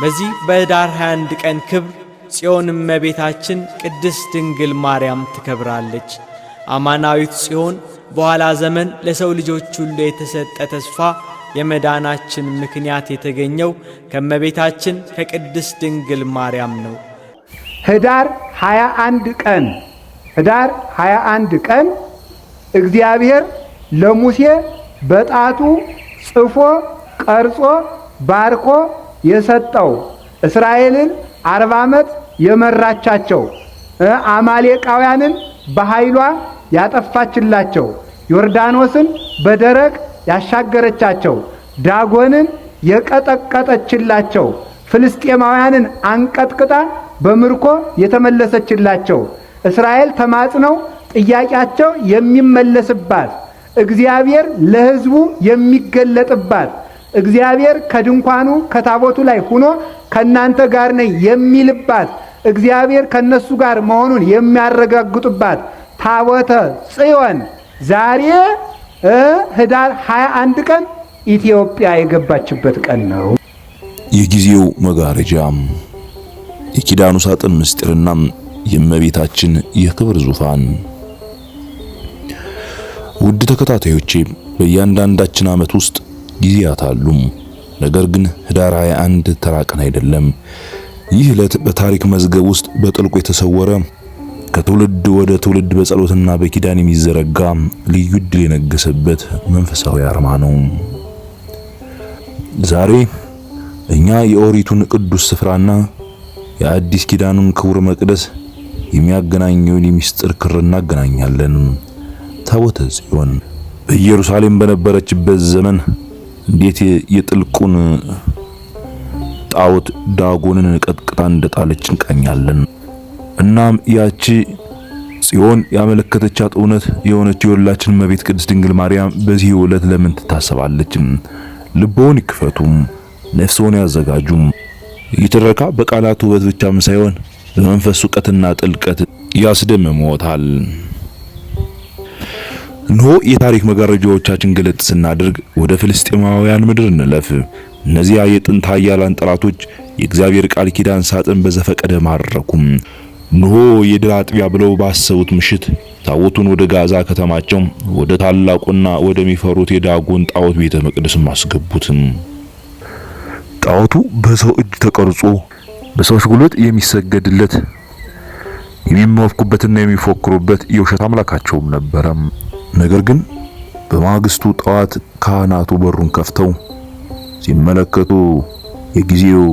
በዚህ በኅዳር 21 ቀን ክብር ጽዮን እመቤታችን ቅድስት ድንግል ማርያም ትከብራለች። አማናዊት ጽዮን በኋላ ዘመን ለሰው ልጆች ሁሉ የተሰጠ ተስፋ የመዳናችን ምክንያት የተገኘው ከእመቤታችን ከቅድስት ድንግል ማርያም ነው። ኅዳር 21 ቀን ኅዳር 21 ቀን እግዚአብሔር ለሙሴ በጣቱ ጽፎ ቀርጾ ባርኮ የሰጠው እስራኤልን አርባ ዓመት የመራቻቸው አማሌቃውያንን በኃይሏ ያጠፋችላቸው ዮርዳኖስን በደረቅ ያሻገረቻቸው ዳጎንን የቀጠቀጠችላቸው ፍልስጤማውያንን አንቀጥቅጣ በምርኮ የተመለሰችላቸው እስራኤል ተማጽነው ጥያቄያቸው የሚመለስባት እግዚአብሔር ለሕዝቡ የሚገለጥባት እግዚአብሔር ከድንኳኑ ከታቦቱ ላይ ሁኖ ከእናንተ ጋር ነኝ የሚልባት እግዚአብሔር ከእነሱ ጋር መሆኑን የሚያረጋግጡባት ታቦተ ጽዮን ዛሬ ህዳር 21 ቀን ኢትዮጵያ የገባችበት ቀን ነው። የጊዜው መጋረጃ፣ የኪዳኑ ሳጥን ምስጢርና የእመቤታችን የክብር ዙፋን። ውድ ተከታታዮቼ በእያንዳንዳችን ዓመት ውስጥ ጊዜያት አሉ። ነገር ግን ህዳር 21 ተራቀን አይደለም። ይህ ዕለት በታሪክ መዝገብ ውስጥ በጥልቁ የተሰወረ ከትውልድ ወደ ትውልድ በጸሎትና በኪዳን የሚዘረጋ ልዩ ድል የነገሰበት መንፈሳዊ አርማ ነው። ዛሬ እኛ የኦሪቱን ቅዱስ ስፍራና የአዲስ ኪዳኑን ክቡር መቅደስ የሚያገናኘውን የሚስጥር ክር እናገናኛለን። ታቦተ ጽዮን በኢየሩሳሌም በነበረችበት ዘመን እንዴት የጥልቁን ጣዖት ዳጎንን ቀጥቅጣ እንደጣለች እንቃኛለን። እናም ያቺ ጽዮን ያመለከተቻት እውነት የሆነች የወላችን እመቤት ቅድስት ድንግል ማርያም በዚህ ዕለት ለምን ትታሰባለች? ልቦውን ይክፈቱም፣ ነፍሶን ያዘጋጁም። ይትረካ በቃላት ውበት ብቻም ሳይሆን በመንፈስ እውቀትና ጥልቀት ያስደምሞታል። እንሆ የታሪክ መጋረጃዎቻችን ገለጥ ስናደርግ ወደ ፍልስጤማውያን ምድር እንለፍ። እነዚያ የጥንት ኃያላን ጠላቶች የእግዚአብሔር ቃል ኪዳን ሳጥን በዘፈቀደ ማረኩም። እንሆ የድል አጥቢያ ብለው ባሰቡት ምሽት ታቦቱን ወደ ጋዛ ከተማቸው ወደ ታላቁና ወደሚፈሩት የዳጎን ጣዖት ቤተ መቅደስ አስገቡትም። ጣዖቱ በሰው እጅ ተቀርጾ በሰዎች ጉልበት የሚሰገድለት የሚመኩበትና የሚፎክሩበት የውሸት አምላካቸውም ነበረም። ነገር ግን በማግስቱ ጠዋት ካህናቱ በሩን ከፍተው ሲመለከቱ የጊዜው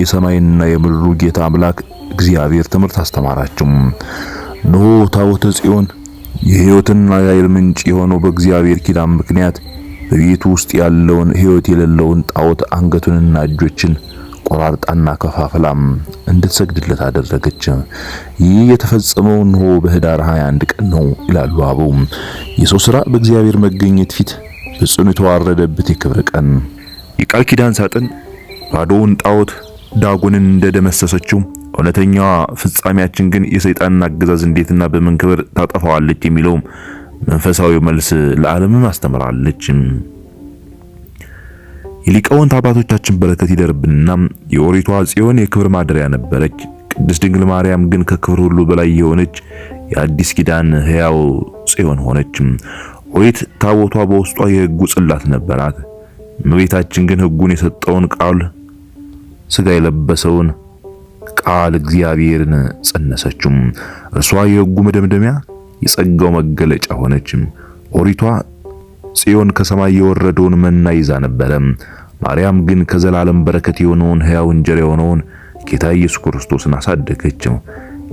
የሰማይና የምድሩ ጌታ አምላክ እግዚአብሔር ትምህርት አስተማራቸው። እነሆ ታቦተ ጽዮን የህይወትና የኃይል ምንጭ የሆነው በእግዚአብሔር ኪዳን ምክንያት በቤቱ ውስጥ ያለውን ህይወት የሌለውን ጣዖት አንገቱንና እጆችን ቆራርጣና ከፋፍላም እንድትሰግድለት አደረገች። ይህ የተፈጸመው እንሆ በህዳር 21 ቀን ነው ይላሉ አበው። የሰው ስራ በእግዚአብሔር መገኘት ፊት በጽኑ የተዋረደበት የክብር ቀን የቃል ኪዳን ሳጥን ባዶውን ጣዖት ዳጎንን እንደደመሰሰችው እውነተኛዋ ፍጻሜያችን ግን የሰይጣንን አገዛዝ እንዴትና በምን ክብር ታጠፋዋለች የሚለው መንፈሳዊ መልስ ለዓለምም አስተምራለች። የሊቃውንት አባቶቻችን በረከት ይደርብንና የኦሪቷ ጽዮን የክብር ማደሪያ ነበረች። ቅድስት ድንግል ማርያም ግን ከክብር ሁሉ በላይ የሆነች የአዲስ ኪዳን ሕያው ጽዮን ሆነች። ኦሪት ታቦቷ በውስጧ የሕጉ ጽላት ነበራት። እመቤታችን ግን ሕጉን የሰጠውን ቃል ስጋ የለበሰውን ቃል እግዚአብሔርን ጸነሰችም። እርሷ የሕጉ መደምደሚያ የጸጋው መገለጫ ሆነች። ኦሪቷ ጽዮን ከሰማይ የወረደውን መና ይዛ ነበረ። ማርያም ግን ከዘላለም በረከት የሆነውን ሕያው እንጀራ የሆነውን ጌታ ኢየሱስ ክርስቶስን አሳደገችም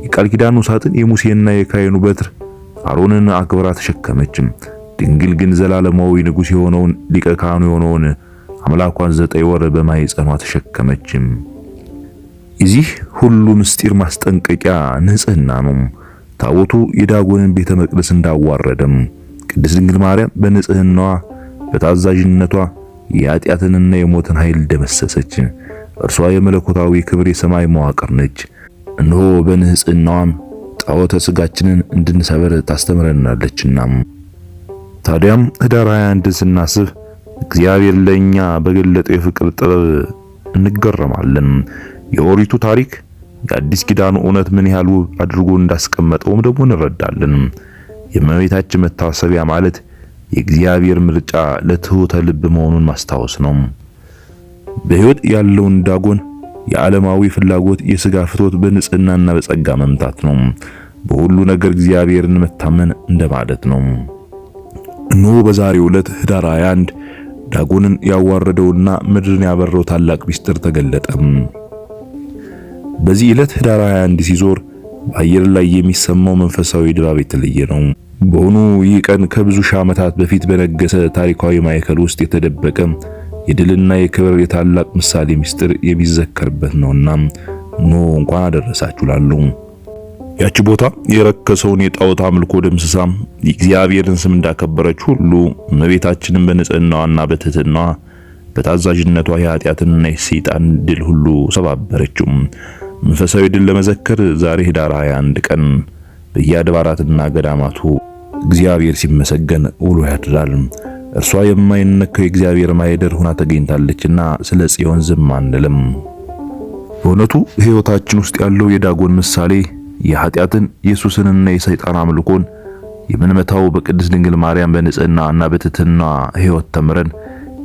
የቃል ኪዳኑ ሳጥን የሙሴና የካህኑ በትር አሮንን አክብራ ተሸከመች። ድንግል ግን ዘላለማዊ ንጉሥ የሆነውን ሊቀ ካህኑ የሆነውን አምላኳን ዘጠኝ ወር በማኅፀኗ ተሸከመች። የዚህ ሁሉ ምስጢር ማስጠንቀቂያ ንጽህና ነው። ታቦቱ የዳጎንን ቤተ መቅደስ እንዳዋረደም ቅድስት ድንግል ማርያም በንጽህናዋ በታዛዥነቷ የኃጢአትንና የሞትን ኃይል ደመሰሰች። እርሷ የመለኮታዊ ክብር የሰማይ መዋቅር ነች። እነሆ በንጽህናዋም ጣዖተ ስጋችንን እንድንሰበር ታስተምረናለችና። ታዲያም ህዳር 21 ስናስብ እግዚአብሔር ለኛ በገለጠው የፍቅር ጥበብ እንገረማለን። የኦሪቱ ታሪክ የአዲስ ኪዳን እውነት ምን ያህል ውብ አድርጎ እንዳስቀመጠውም ደግሞ እንረዳለን። የእመቤታችን መታሰቢያ ማለት የእግዚአብሔር ምርጫ ለትሑተ ልብ መሆኑን ማስታወስ ነው። በሕይወት ያለውን ዳጎን የዓለማዊ ፍላጎት፣ የሥጋ ፍቶት በንጽህናና በጸጋ መምታት ነው። በሁሉ ነገር እግዚአብሔርን መታመን እንደማለት ነው። እነሆ በዛሬው ዕለት ህዳር 21 ዳጎንን ያዋረደውና ምድርን ያበረው ታላቅ ሚስጥር ተገለጠ። በዚህ ዕለት ህዳር 21 ሲዞር አየር ላይ የሚሰማው መንፈሳዊ ድባብ የተለየ ነው። በሆኑ ይህ ቀን ከብዙ ሺህ ዓመታት በፊት በነገሰ ታሪካዊ ማዕከል ውስጥ የተደበቀ የድልና የክብር የታላቅ ምሳሌ ምስጢር የሚዘከርበት ነውና ኖ እንኳን አደረሳችሁ ላሉ ያቺ ቦታ የረከሰውን የጣዖት አምልኮ ደምስሳ የእግዚአብሔርን ስም እንዳከበረች ሁሉ እመቤታችንን በንጽህናዋና በትህትናዋ በታዛዥነቷ የኃጢአትንና የሰይጣን ድል ሁሉ ሰባበረችው። መንፈሳዊ ድል ለመዘከር ዛሬ ህዳር 21 ቀን በየአድባራትና ገዳማቱ እግዚአብሔር ሲመሰገን ውሎ ያድራል። እርሷ የማይነካው የእግዚአብሔር ማይደር ሆና ተገኝታለችና ስለ ጽዮን ዝም አንልም። በእውነቱ ህይወታችን ውስጥ ያለው የዳጎን ምሳሌ የኃጢአትን ኢየሱስንና የሰይጣን አምልኮን የምንመታው በቅድስት ድንግል ማርያም በንጽህናና በትሕትና ህይወት ተምረን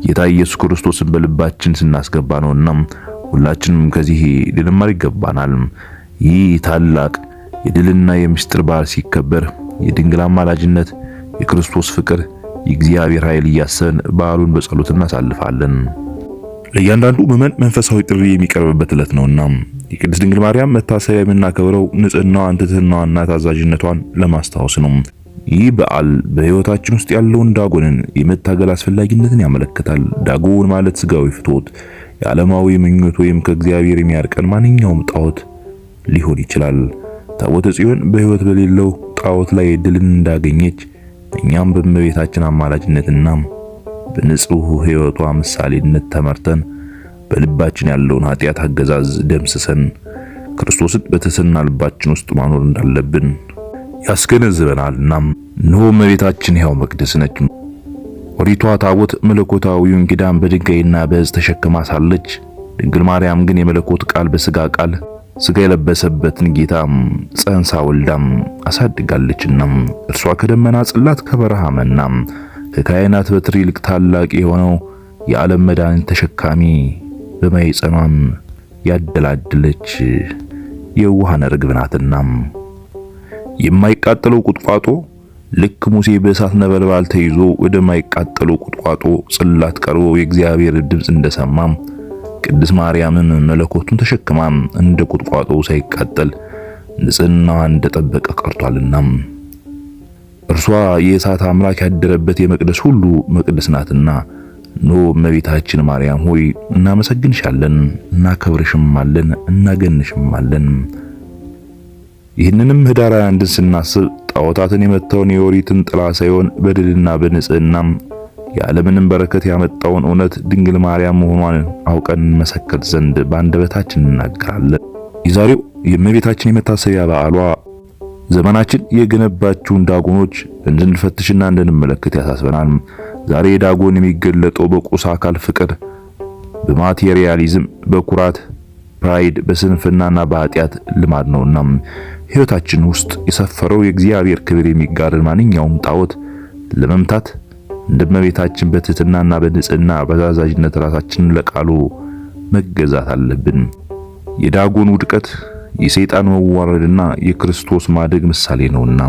ጌታ ኢየሱስ ክርስቶስን በልባችን ስናስገባ ነውና ሁላችንም ከዚህ ልንማር ይገባናል። ይህ ታላቅ የድልና የምስጢር በዓል ሲከበር የድንግል አማላጅነት፣ የክርስቶስ ፍቅር፣ የእግዚአብሔር ኃይል እያሰብን በዓሉን በጸሎት እናሳልፋለን። ለእያንዳንዱ ምዕመን መንፈሳዊ ጥሪ የሚቀርብበት ዕለት ነውና የቅድስት ድንግል ማርያም መታሰቢያ የምናከብረው ንጽህናዋን፣ ትህትናዋንና ታዛዥነቷን ለማስታወስ ነው። ይህ በዓል በሕይወታችን ውስጥ ያለውን ዳጎንን የመታገል አስፈላጊነትን ያመለክታል። ዳጎን ማለት ስጋዊ ፍትወት የዓለማዊ ምኞት ወይም ከእግዚአብሔር የሚያርቀን ማንኛውም ጣዖት ሊሆን ይችላል። ታቦተ ጽዮን በሕይወት በሌለው ጣዖት ላይ ድልን እንዳገኘች እኛም በእመቤታችን አማላጅነትና በንጹህ ሕይወቷ ምሳሌነት ተመርተን በልባችን ያለውን ኃጢአት አገዛዝ ደምስሰን ክርስቶስን በተሰና ልባችን ውስጥ ማኖር እንዳለብን ያስገነዝበናል። እናም እነሆ እመቤታችን ሕያው መቅደስ ነች። ሪቷ ታቦት መለኮታዊውን ኪዳን በድንጋይና በዕፅ ተሸክማ ሳለች ድንግል ማርያም ግን የመለኮት ቃል በስጋ ቃል ስጋ የለበሰበትን ጌታ ጸንሳ ወልዳም አሳድጋለችና እርሷ ከደመና ጽላት ከበረሃ መና ከካህናት በትር ይልቅ ታላቅ የሆነው የዓለም መድኃኒት ተሸካሚ በማኅፀኗም ያደላደለች የውሃነ ርግብ ናትና የማይቃጠለው ቁጥቋጦ ልክ ሙሴ በእሳት ነበልባል ተይዞ ወደማይቃጠለው ቁጥቋጦ ጽላት ቀርቦ የእግዚአብሔር ድምፅ እንደሰማም ቅድስት ማርያምም መለኮቱን ተሸክማ እንደ ቁጥቋጦ ሳይቃጠል ንጽህናዋ እንደጠበቀ ቀርቷልና እርሷ የእሳት አምላክ ያደረበት የመቅደስ ሁሉ መቅደስ ናትና። ኖ እመቤታችን ማርያም ሆይ እናመሰግንሻለን፣ እናከብርሽማለን፣ እናገንሽማለን። ይህንንም ህዳር አንድን ስናስብ ጣዖታትን የመታውን የኦሪትን ጥላ ሳይሆን በድልና በንጽህና የዓለምንም በረከት ያመጣውን እውነት ድንግል ማርያም መሆኗን አውቀን መሰከር ዘንድ በአንደበታችን እናገራለን። የዛሬው የእመቤታችን የመታሰቢያ በዓሏ ዘመናችን የገነባችውን ዳጎኖች እንድንፈትሽና እንድንመለከት ያሳስበናል። ዛሬ ዳጎን የሚገለጠው በቁስ አካል ፍቅር፣ በማቴሪያሊዝም፣ በኩራት ፕራይድ፣ በስንፍናና በኃጢአት ልማድ ነውና ሕይወታችን ውስጥ የሰፈረው የእግዚአብሔር ክብር የሚጋር ማንኛውም ጣዖት ለመምታት እንደ እመቤታችን በትህትናና በንጽህና በታዛዥነት ራሳችንን ለቃሉ መገዛት አለብን። የዳጎን ውድቀት የሰይጣን መዋረድና የክርስቶስ ማደግ ምሳሌ ነውና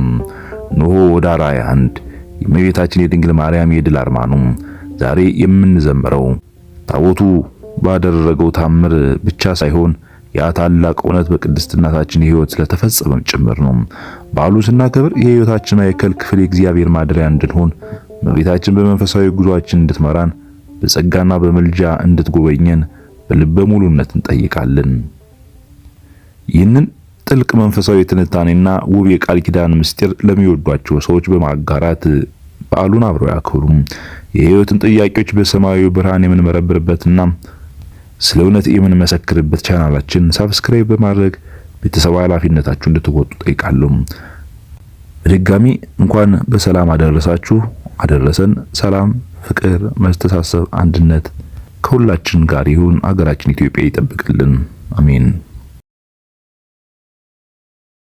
ኖሆ ወዳራ አንድ የእመቤታችን የድንግል ማርያም የድል አርማ ነው። ዛሬ የምንዘምረው ታቦቱ ባደረገው ታምር ብቻ ሳይሆን ያ ታላቅ እውነት በቅድስት እናታችን ሕይወት ስለተፈጸመም ጭምር ነው። በዓሉን ስናከብር የሕይወታችን ማዕከል ክፍል የእግዚአብሔር ማደሪያ እንድንሆን እመቤታችን በመንፈሳዊ ጉዟችን እንድትመራን በጸጋና በምልጃ እንድትጎበኘን በልበ ሙሉነት እንጠይቃለን። ይህንን ጥልቅ መንፈሳዊ ትንታኔና ውብ የቃል ኪዳን ምስጢር ለሚወዷቸው ሰዎች በማጋራት በዓሉን አብረው ያክብሩ። የሕይወትን ጥያቄዎች በሰማያዊ ብርሃን የምንመረምርበትና ስለ እውነት የምንመሰክርበት ቻናላችን ሳብስክራይብ በማድረግ ቤተሰብ ኃላፊነታችሁ እንድትወጡ ጠይቃለሁ። በድጋሚ እንኳን በሰላም አደረሳችሁ አደረሰን። ሰላም፣ ፍቅር፣ መስተሳሰብ፣ አንድነት ከሁላችን ጋር ይሁን። አገራችን ኢትዮጵያ ይጠብቅልን። አሜን።